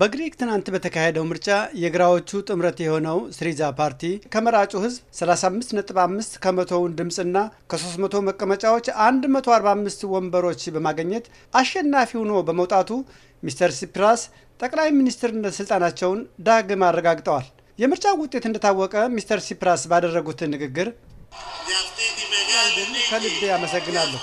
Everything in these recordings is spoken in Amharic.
በግሪክ ትናንት በተካሄደው ምርጫ የግራዎቹ ጥምረት የሆነው ስሪዛ ፓርቲ ከመራጩ ህዝብ 35.5 ከመቶውን ድምፅና ከ300 መቀመጫዎች 145 ወንበሮች በማግኘት አሸናፊ ሆኖ በመውጣቱ ሚስተር ሲፕራስ ጠቅላይ ሚኒስትርነት ስልጣናቸውን ዳግም አረጋግጠዋል። የምርጫው ውጤት እንደታወቀ ሚስተር ሲፕራስ ባደረጉት ንግግር ከልቤ አመሰግናለሁ።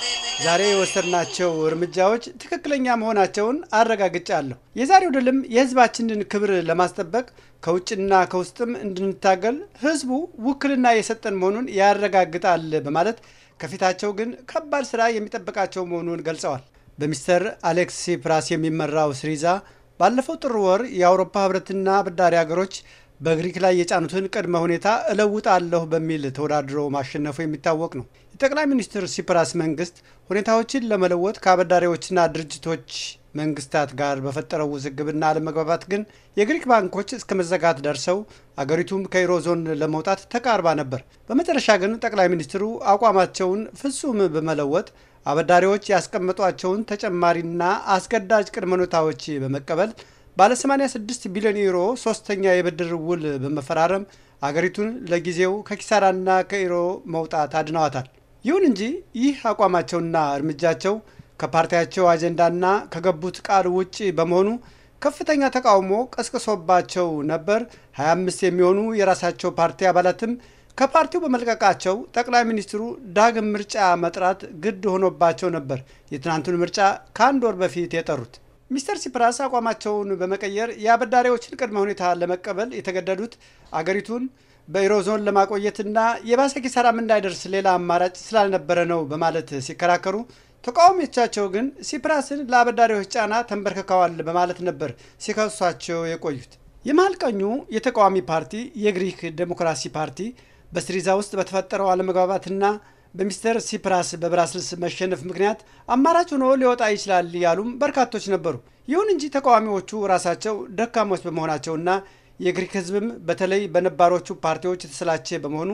ዛሬ የወሰድናቸው እርምጃዎች ትክክለኛ መሆናቸውን አረጋግጫለሁ። የዛሬው ድልም የህዝባችንን ክብር ለማስጠበቅ ከውጭና ከውስጥም እንድንታገል ህዝቡ ውክልና የሰጠን መሆኑን ያረጋግጣል በማለት ከፊታቸው ግን ከባድ ስራ የሚጠበቃቸው መሆኑን ገልጸዋል። በሚስተር አሌክሲ ፕራስ የሚመራው ስሪዛ ባለፈው ጥር ወር የአውሮፓ ህብረትና አበዳሪ ሀገሮች በግሪክ ላይ የጫኑትን ቅድመ ሁኔታ እለውጣለሁ በሚል ተወዳድሮ ማሸነፉ የሚታወቅ ነው። የጠቅላይ ሚኒስትር ሲፕራስ መንግስት ሁኔታዎችን ለመለወጥ ከአበዳሪዎችና ድርጅቶች መንግስታት ጋር በፈጠረው ውዝግብና አለመግባባት ግን የግሪክ ባንኮች እስከ መዘጋት ደርሰው አገሪቱም ከዩሮ ዞን ለመውጣት ተቃርባ ነበር። በመጨረሻ ግን ጠቅላይ ሚኒስትሩ አቋማቸውን ፍጹም በመለወጥ አበዳሪዎች ያስቀመጧቸውን ተጨማሪና አስገዳጅ ቅድመ ሁኔታዎች በመቀበል ባለ 86 ቢሊዮን ዩሮ ሶስተኛ የብድር ውል በመፈራረም አገሪቱን ለጊዜው ከኪሳራና ከኢሮ መውጣት አድነዋታል። ይሁን እንጂ ይህ አቋማቸውና እርምጃቸው ከፓርቲያቸው አጀንዳና ከገቡት ቃል ውጭ በመሆኑ ከፍተኛ ተቃውሞ ቀስቅሶባቸው ነበር። 25 የሚሆኑ የራሳቸው ፓርቲ አባላትም ከፓርቲው በመልቀቃቸው ጠቅላይ ሚኒስትሩ ዳግም ምርጫ መጥራት ግድ ሆኖባቸው ነበር የትናንቱን ምርጫ ከአንድ ወር በፊት የጠሩት። ሚስተር ሲፕራስ አቋማቸውን በመቀየር የአበዳሪዎችን ቅድመ ሁኔታ ለመቀበል የተገደዱት አገሪቱን በኢሮዞን ለማቆየትና የባሰ ኪሳራም እንዳይደርስ ሌላ አማራጭ ስላልነበረ ነው በማለት ሲከራከሩ፣ ተቃዋሚዎቻቸው ግን ሲፕራስን ለአበዳሪዎች ጫና ተንበርክከዋል በማለት ነበር ሲከሷቸው የቆዩት። የመሀል ቀኙ የተቃዋሚ ፓርቲ የግሪክ ዴሞክራሲ ፓርቲ በስሪዛ ውስጥ በተፈጠረው አለመግባባትና በሚስተር ሲፕራስ በብራስልስ መሸነፍ ምክንያት አማራጭ ሆኖ ሊወጣ ይችላል ያሉም በርካቶች ነበሩ። ይሁን እንጂ ተቃዋሚዎቹ ራሳቸው ደካሞች በመሆናቸውና የግሪክ ሕዝብም በተለይ በነባሮቹ ፓርቲዎች የተሰላቸ በመሆኑ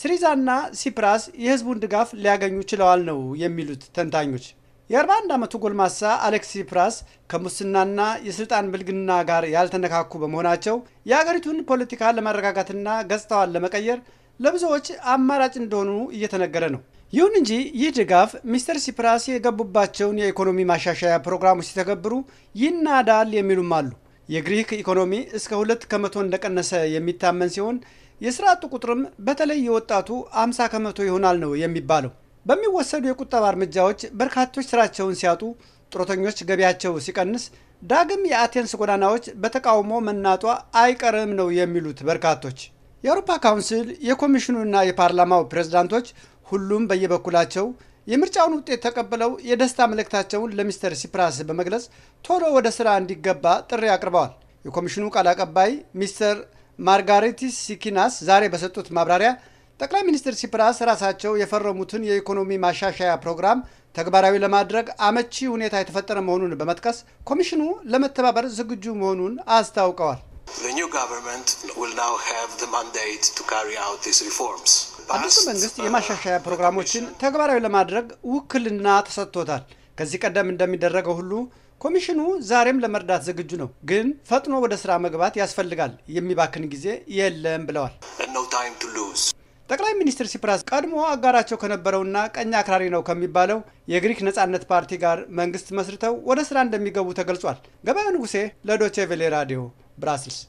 ሲሪዛና ሲፕራስ የሕዝቡን ድጋፍ ሊያገኙ ችለዋል ነው የሚሉት ተንታኞች። የ41 ዓመቱ ጎልማሳ አሌክስ ሲፕራስ ከሙስናና የስልጣን ብልግና ጋር ያልተነካኩ በመሆናቸው የአገሪቱን ፖለቲካ ለማረጋጋትና ገጽታዋን ለመቀየር ለብዙዎች አማራጭ እንደሆኑ እየተነገረ ነው። ይሁን እንጂ ይህ ድጋፍ ሚስተር ሲፕራስ የገቡባቸውን የኢኮኖሚ ማሻሻያ ፕሮግራሞች ሲተገብሩ ይናዳል የሚሉም አሉ። የግሪክ ኢኮኖሚ እስከ ሁለት ከመቶ እንደቀነሰ የሚታመን ሲሆን የስራ አጡ ቁጥርም በተለይ የወጣቱ 50 ከመቶ ይሆናል ነው የሚባለው። በሚወሰዱ የቁጠባ እርምጃዎች በርካቶች ስራቸውን ሲያጡ፣ ጡረተኞች ገቢያቸው ሲቀንስ፣ ዳግም የአቴንስ ጎዳናዎች በተቃውሞ መናጧ አይቀርም ነው የሚሉት በርካቶች። የአውሮፓ ካውንስል የኮሚሽኑና የፓርላማው ፕሬዝዳንቶች ሁሉም በየበኩላቸው የምርጫውን ውጤት ተቀብለው የደስታ መልእክታቸውን ለሚስተር ሲፕራስ በመግለጽ ቶሎ ወደ ስራ እንዲገባ ጥሪ አቅርበዋል። የኮሚሽኑ ቃል አቀባይ ሚስተር ማርጋሬቲስ ሲኪናስ ዛሬ በሰጡት ማብራሪያ ጠቅላይ ሚኒስትር ሲፕራስ ራሳቸው የፈረሙትን የኢኮኖሚ ማሻሻያ ፕሮግራም ተግባራዊ ለማድረግ አመቺ ሁኔታ የተፈጠረ መሆኑን በመጥቀስ ኮሚሽኑ ለመተባበር ዝግጁ መሆኑን አስታውቀዋል። አዲሱ መንግስት uh, የማሻሻያ ፕሮግራሞችን ተግባራዊ ለማድረግ ውክልና ተሰጥቶታል። ከዚህ ቀደም እንደሚደረገው ሁሉ ኮሚሽኑ ዛሬም ለመርዳት ዝግጁ ነው፣ ግን ፈጥኖ ወደ ስራ መግባት ያስፈልጋል። የሚባክን ጊዜ የለም ብለዋል። ጠቅላይ ሚኒስትር ሲፕራስ ቀድሞ አጋራቸው ከነበረውና ቀኝ አክራሪ ነው ከሚባለው የግሪክ ነጻነት ፓርቲ ጋር መንግስት መስርተው ወደ ስራ እንደሚገቡ ተገልጿል። ገበያው ንጉሴ ለዶቼ ቬሌ ራዲዮ ብራስልስ